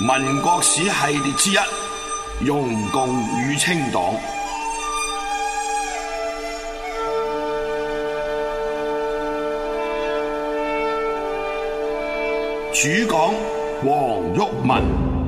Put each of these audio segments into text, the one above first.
民國史系列之一：容共與清黨。主講：黃毓民。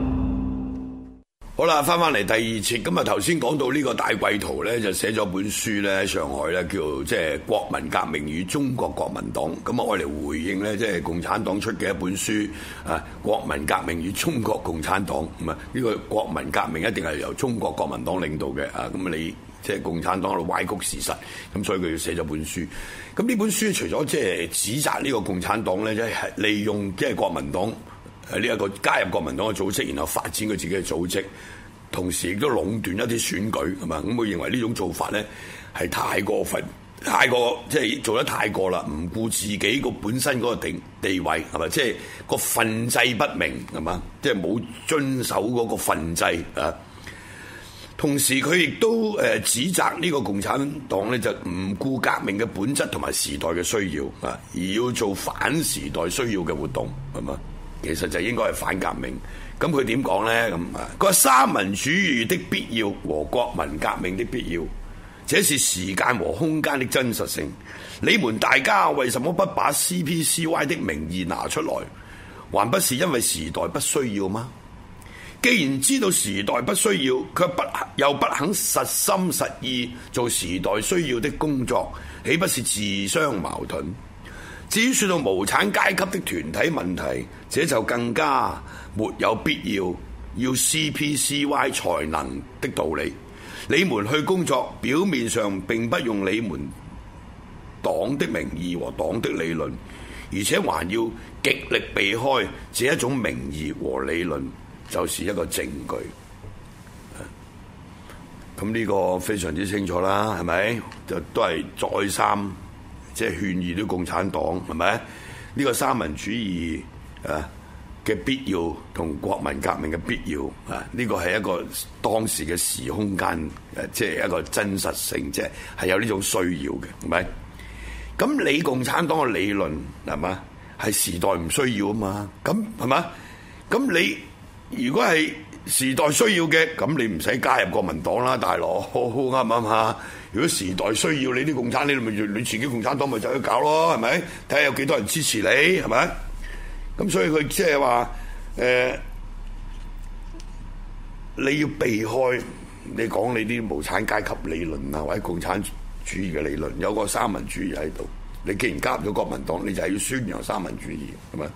好啦，翻翻嚟第二節。咁啊，頭先講到呢個戴季陶咧，就寫咗本書咧喺上海咧，叫即係《國民革命與中國國民黨》。咁啊，我嚟回應咧，即係共產黨出嘅一本書啊，《國民革命與中國共產黨》。咁啊，呢個國民革命一定係由中國國民黨領導嘅啊。咁你即係共產黨喺度歪曲事實，咁所以佢要寫咗本書。咁呢本書除咗即係指責呢個共產黨咧，即係利用即係國民黨。係呢一個加入國民黨嘅組織，然後發展佢自己嘅組織，同時亦都壟斷一啲選舉，係嘛？咁佢認為呢種做法咧係太過分，太過即係、就是、做得太過啦，唔顧自己個本身嗰個地位係嘛？即係、就是、個份制不明係嘛？即係冇遵守嗰個憲制啊。同時佢亦都誒指責呢個共產黨咧，就唔顧革命嘅本質同埋時代嘅需要啊，而要做反時代需要嘅活動係嘛？其實就是應該係反革命，咁佢點講呢？咁啊，佢話三民主義的必要和國民革命的必要，這是時間和空間的真實性。你們大家為什麼不把 CPCY 的名義拿出來？還不是因為時代不需要嗎？既然知道時代不需要，卻不又不肯實心實意做時代需要的工作，豈不是自相矛盾？至於說到無產階級的團體問題，這就更加沒有必要要 CPCY 才能的道理。你們去工作，表面上並不用你們黨的名義和黨的理論，而且還要極力避開，這一種名義和理論，就是一個證據。咁呢個非常之清楚啦，係咪？就都係再三。即係勸喻啲共產黨，係咪？呢個三民主義啊嘅必要同國民革命嘅必要啊，呢個係一個當時嘅時空間，誒，即係一個真實性，即係係有呢種需要嘅，係咪？咁你共產黨嘅理論係嘛？係時代唔需要啊嘛？咁係嘛？咁你如果係時代需要嘅，咁你唔使加入國民黨啦，大佬啱唔啱啊？如果時代需要你啲共產，你咪你自己共產黨咪就去搞咯，係咪？睇下有幾多人支持你，係咪？咁所以佢即係話，誒、呃，你要避開你講你啲無產階級理論啊，或者共產主義嘅理論，有個三民主義喺度。你既然加入咗國民黨，你就係要宣揚三民主義係咪？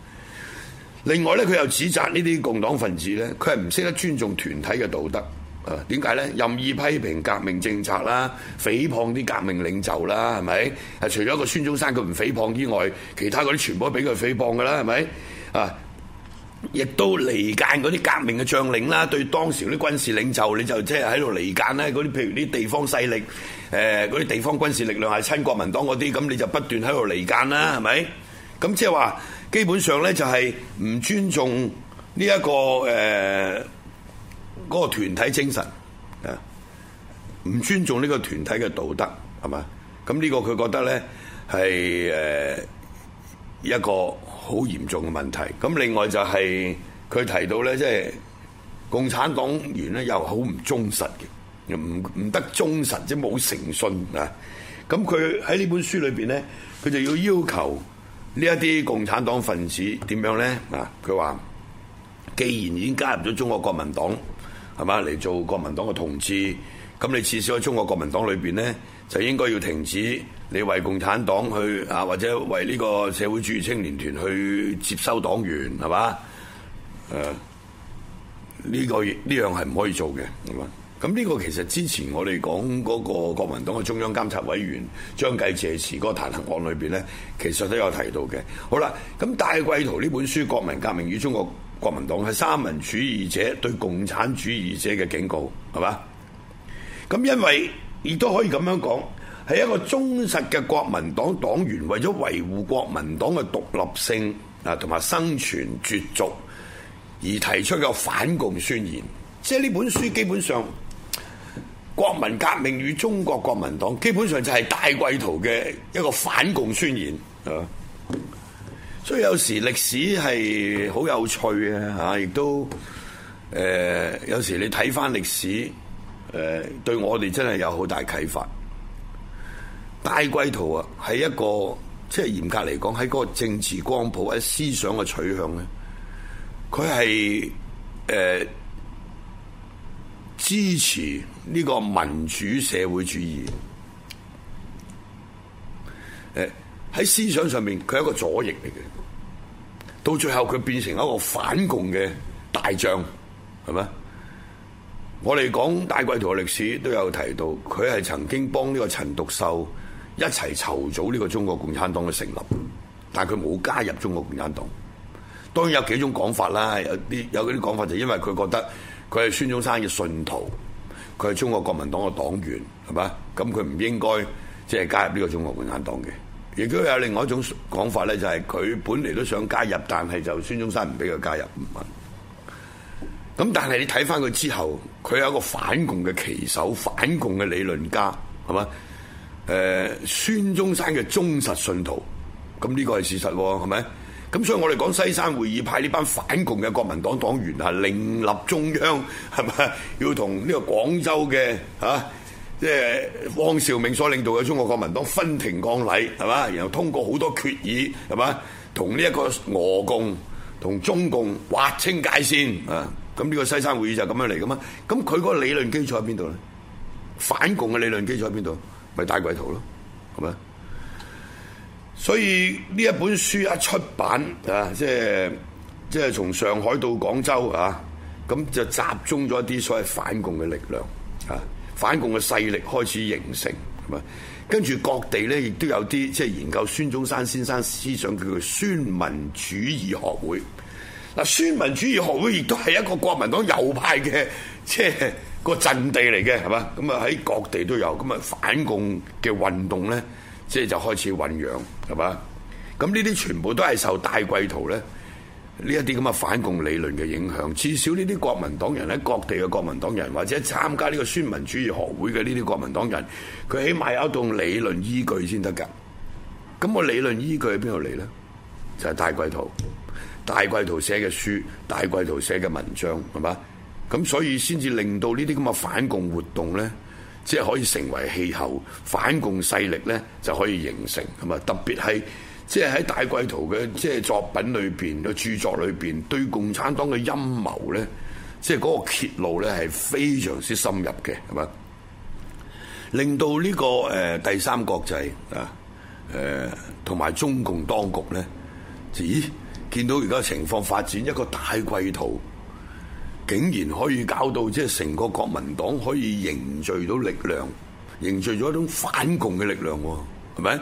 另外咧，佢又指責呢啲共黨分子咧，佢係唔識得尊重團體嘅道德。誒，點解呢？任意批評革命政策啦，誹謗啲革命領袖啦，係咪？除咗一個孫中山佢唔誹謗之外，其他嗰啲全部都俾佢誹謗㗎啦，係咪？啊！亦都離間嗰啲革命嘅將領啦，對當時嗰啲軍事領袖，你就即係喺度離間啦。嗰啲譬如啲地方勢力，誒嗰啲地方軍事力量係親國民黨嗰啲，咁你就不斷喺度離間啦，係咪？咁即係話，基本上呢就係唔尊重呢、這、一個誒。呃嗰個團體精神，啊，唔尊重呢個團體嘅道德，係嘛？咁呢個佢覺得咧係誒一個好嚴重嘅問題。咁另外就係佢提到咧，即係共產黨員咧又好唔忠實嘅，又唔唔得忠實，即冇誠信啊！咁佢喺呢本書裏邊咧，佢就要要求呢一啲共產黨分子點樣咧啊？佢話既然已經加入咗中國國民黨，係嘛？嚟做國民黨嘅同志，咁你至少喺中國國民黨裏面呢，就應該要停止你為共產黨去、啊、或者為呢個社會主義青年團去接收黨員，係嘛？誒、啊，呢、呢個呢樣係唔可以做嘅。咁啊，咁呢個其實之前我哋講嗰個國民黨嘅中央監察委員張繼借詞嗰個彈劾案裏面呢，其實都有提到嘅。好啦，咁戴季陶呢本書《國民革命與中國》。國民黨係三民主義者對共產主義者嘅警告，係嘛？咁因為亦都可以咁樣講，係一個忠實嘅國民黨黨員為咗維護國民黨嘅獨立性啊，同埋生存絕續而提出嘅反共宣言。即係呢本書基本上《國民革命與中國國民黨》基本上就係戴季陶嘅一個反共宣言，所以有時歷史係好有趣嘅嚇，亦都誒、呃、有時你睇翻歷史誒、呃，對我哋真係有好大啟發。戴季陶啊，係一個即係嚴格嚟講，喺嗰個政治光譜，喺思想嘅取向咧，佢係誒支持呢個民主社會主義誒。呃喺思想上面，佢係一個左翼嚟嘅，到最後，佢變成一個反共嘅大將，係咪啊？我哋講戴季陶嘅歷史都有提到，佢係曾經幫呢個陳獨秀一齊籌組呢個中國共產黨嘅成立，但係佢冇加入中國共產黨。當然有幾種講法啦，有啲有啲講法就是因為佢覺得佢係孫中山嘅信徒，佢係中國國民黨嘅黨員，係咪啊？咁佢唔應該即係加入呢個中國共產黨嘅。亦都有另外一種講法咧，就係佢本嚟都想加入，但係就孫中山唔俾佢加入。咁但係你睇翻佢之後，佢係一個反共嘅旗手，反共嘅理論家，係嘛？誒、呃，孫中山嘅忠實信徒，咁呢個係事實喎，係咪？咁所以我哋講西山會議派呢班反共嘅國民黨黨員係另立中央，係咪要同呢個廣州嘅啊？即係汪兆銘所領導嘅中國國民黨分庭抗禮，係嘛？然後通過好多決議，係嘛？同呢一個俄共、同中共劃清界線啊！咁呢個西山會議就咁樣嚟噶嘛？咁佢個理論基礎喺邊度咧？反共嘅理論基礎喺邊度咪大鬼圖咯，係咪？所以呢一本書一出版啊，即係即係從上海到廣州啊，咁就集中咗一啲所謂反共嘅力量啊。反共嘅勢力開始形成，係嘛？跟住各地咧亦都有啲即係研究孫中山先生思想，叫做孫文主義學會。嗱、啊，孫文主義學會亦都係一個國民黨右派嘅即係個陣地嚟嘅，係嘛？咁啊喺各地都有。咁啊，反共嘅運動咧，即係就開始醞釀係嘛？咁呢啲全部都係受戴季陶咧。呢一啲咁嘅反共理論嘅影響，至少呢啲國民黨人喺各地嘅國民黨人，或者參加呢個孫文主義學會嘅呢啲國民黨人，佢起碼有一棟理論依據先得㗎。咁個理論依據喺邊度嚟咧？就係、是、戴季陶，戴季陶寫嘅書，戴季陶寫嘅文章，係嘛？咁所以先至令到呢啲咁嘅反共活動咧，即係可以成為氣候，反共勢力咧就可以形成，係咪？特別係。即係喺戴季陶嘅即係作品裏邊、個著作裏邊，對共產黨嘅陰謀咧，即係嗰個揭露咧係非常之深入嘅，係咪？令到呢個誒第三國際啊誒同埋中共當局咧，咦？見到而家情況發展，一個戴季陶竟然可以搞到即係成個國民黨可以凝聚到力量，凝聚咗一種反共嘅力量喎，係咪？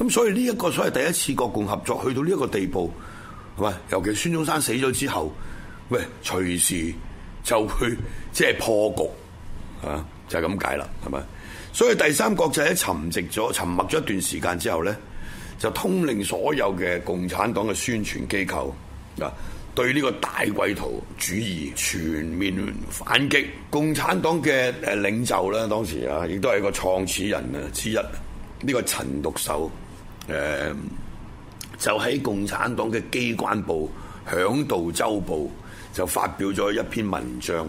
咁所以呢一個所謂第一次國共合作去到呢一個地步，係嘛？尤其孫中山死咗之後，喂，隨時就去即係破局，啊、就是，就係咁解啦，係咪？所以第三國際喺沉寂咗、沉默咗一段時間之後，咧，就通令所有嘅共產黨嘅宣傳機構，啊，對呢個戴季陶主義全面反擊。共產黨嘅誒領袖咧，當時啊，亦都係一個創始人啊之一，呢、呢個陳獨秀。誒、呃，就喺共產黨嘅機關報《響導周報》就發表咗一篇文章，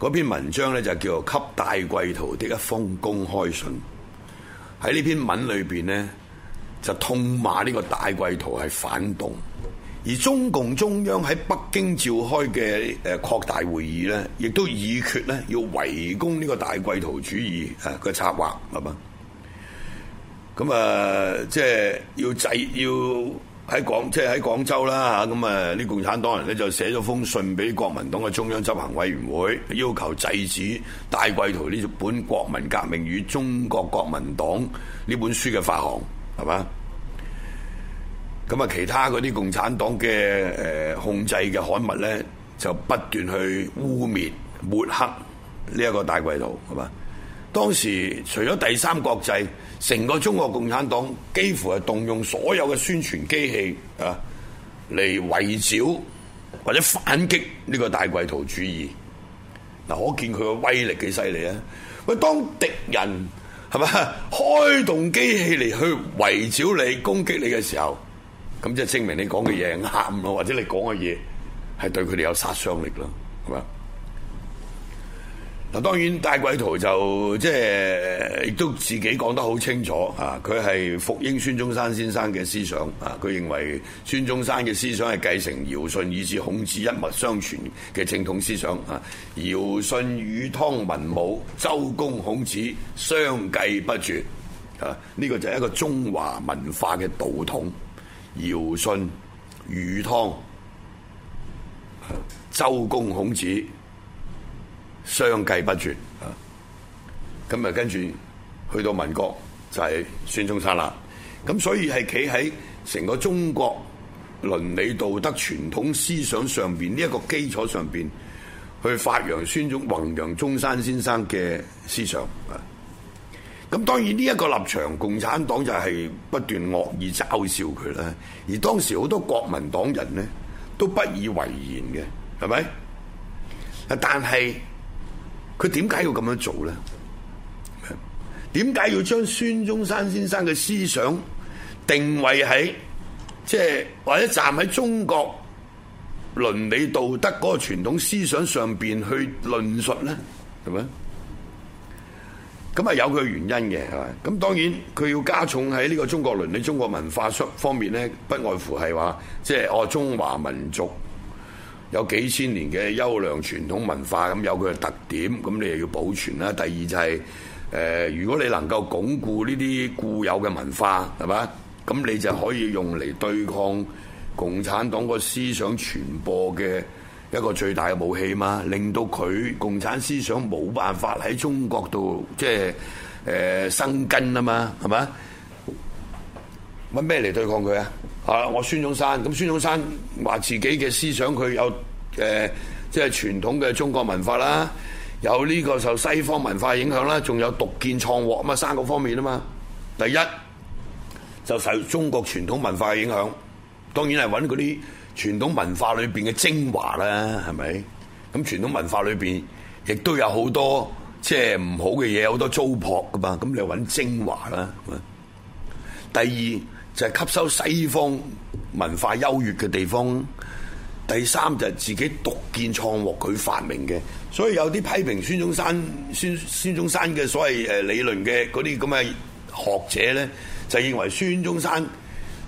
嗰篇文章呢，就叫做《給戴季陶的一封公開信》。喺呢篇文裏邊呢，就痛罵呢個戴季陶係反動，而中共中央喺北京召開嘅誒擴大會議呢，亦都議決咧要圍攻呢個戴季陶主義誒個策劃，係嘛？咁啊，即係要制，要喺廣，即係喺廣州啦吓，咁啊，呢共產黨人咧就寫咗封信俾國民黨嘅中央執行委員會，要求制止戴季陶呢本《國民革命與中國國民黨》呢本書嘅發行，係嘛？咁啊，其他嗰啲共產黨嘅誒控制嘅刊物咧，就不斷去污衊抹黑呢一個戴季陶，係嘛？當時除咗第三國際，成個中國共產黨幾乎係動用所有嘅宣傳機器啊，嚟圍剿或者反擊呢個戴季陶主義。嗱，可見佢嘅威力幾犀利啊！喂，當敵人係咪開動機器嚟去圍剿你、攻擊你嘅時候，咁即係證明你講嘅嘢啱咯，或者你講嘅嘢係對佢哋有殺傷力咯，係嘛？當然戴季陶就即係亦都自己講得好清楚啊！佢係復興孫中山先生嘅思想啊！佢認為孫中山嘅思想係繼承堯舜以至孔子一脈相傳嘅正統思想啊，堯舜禹湯文武、周公孔子相繼不絕啊！呢個就係一個中華文化嘅道統，堯舜禹湯、周公孔子。相繼不絕啊！咁啊，跟住去到民國就係孫中山啦。咁所以係企喺成個中國倫理道德傳統思想上邊呢一個基礎上邊，去發揚孫中、弘揚中山先生嘅思想啊！咁當然呢一個立場，共產黨就係不斷惡意嘲笑佢啦。而當時好多國民黨人呢，都不以為然嘅，係咪？啊，但係。佢點解要咁樣做呢？點解要將孫中山先生嘅思想定位喺即係或者站喺中國倫理道德嗰個傳統思想上邊去論述呢？係咪？咁啊有佢原因嘅，係咪？咁當然佢要加重喺呢個中國倫理、中國文化方面呢，不外乎係話即係我中華民族。有幾千年嘅優良傳統文化，咁有佢嘅特點，咁你又要保存啦。第二就係，誒，如果你能夠鞏固呢啲固有嘅文化，係嘛，咁你就可以用嚟對抗共產黨個思想傳播嘅一個最大嘅武器嘛，令到佢共產思想冇辦法喺中國度即係誒生根啊嘛，係嘛？揾咩嚟對抗佢啊？啊，我孫中山咁，孫中山話自己嘅思想佢有誒，即、呃、係、就是、傳統嘅中國文化啦，有呢個受西方文化影響啦，仲有獨見創獲咁啊三個方面啊嘛。第一就受中國傳統文化嘅影響，當然係揾嗰啲傳統文化裏邊嘅精華啦，係咪？咁傳統文化裏邊亦都有好多、就是、好多即係唔好嘅嘢，好多糟粕噶嘛，咁你揾精華啦。第二。就係吸收西方文化優越嘅地方，第三就係自己獨見創獲佢發明嘅，所以有啲批評孫中山孫孫中山嘅所謂誒理論嘅嗰啲咁嘅學者咧，就認為孫中山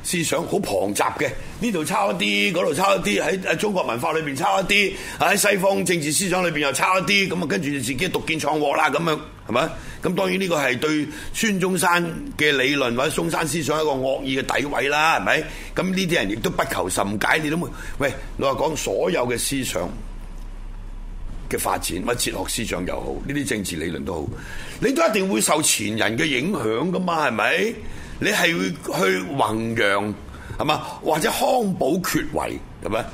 思想好龐雜嘅，呢度抄一啲，嗰度抄一啲，喺誒中國文化裏邊抄一啲，喺西方政治思想裏邊又抄一啲，咁啊跟住就自己獨見創獲啦，咁樣係咪？咁當然呢個係對孫中山嘅理論或者孫中山思想一個惡意嘅詆毀啦，係咪？咁呢啲人亦都不求甚解，你都喂老實講，所有嘅思想嘅發展，咪哲學思想又好，呢啲政治理論都好，你都一定會受前人嘅影響噶嘛，係咪？你係會去弘揚係嘛，或者康保缺位，咁咪？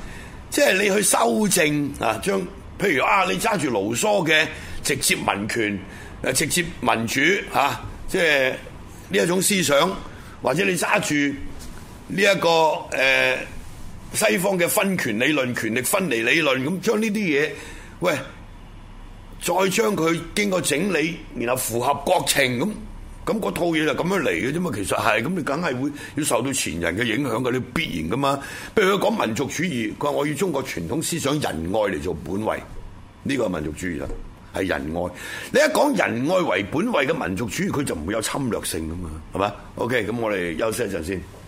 即係你去修正啊，將譬如啊，你揸住盧梭嘅直接民權。誒，直接民主吓，啊，即係呢一種思想，或者你揸住呢一個誒、呃、西方嘅分權理論，權力分離理論，咁將呢啲嘢，喂，再將佢經過整理，然後符合國情，咁咁嗰套嘢就咁樣嚟嘅啫嘛。其實係咁，你梗係會要受到前人嘅影響噶，你必然噶嘛。譬如佢講民族主義，佢話我以中國傳統思想仁愛嚟做本位，呢個係民族主義啦。係仁愛，你一講仁愛為本位嘅民族主義，佢就唔會有侵略性噶嘛，係嘛？OK，咁我哋休息一陣先。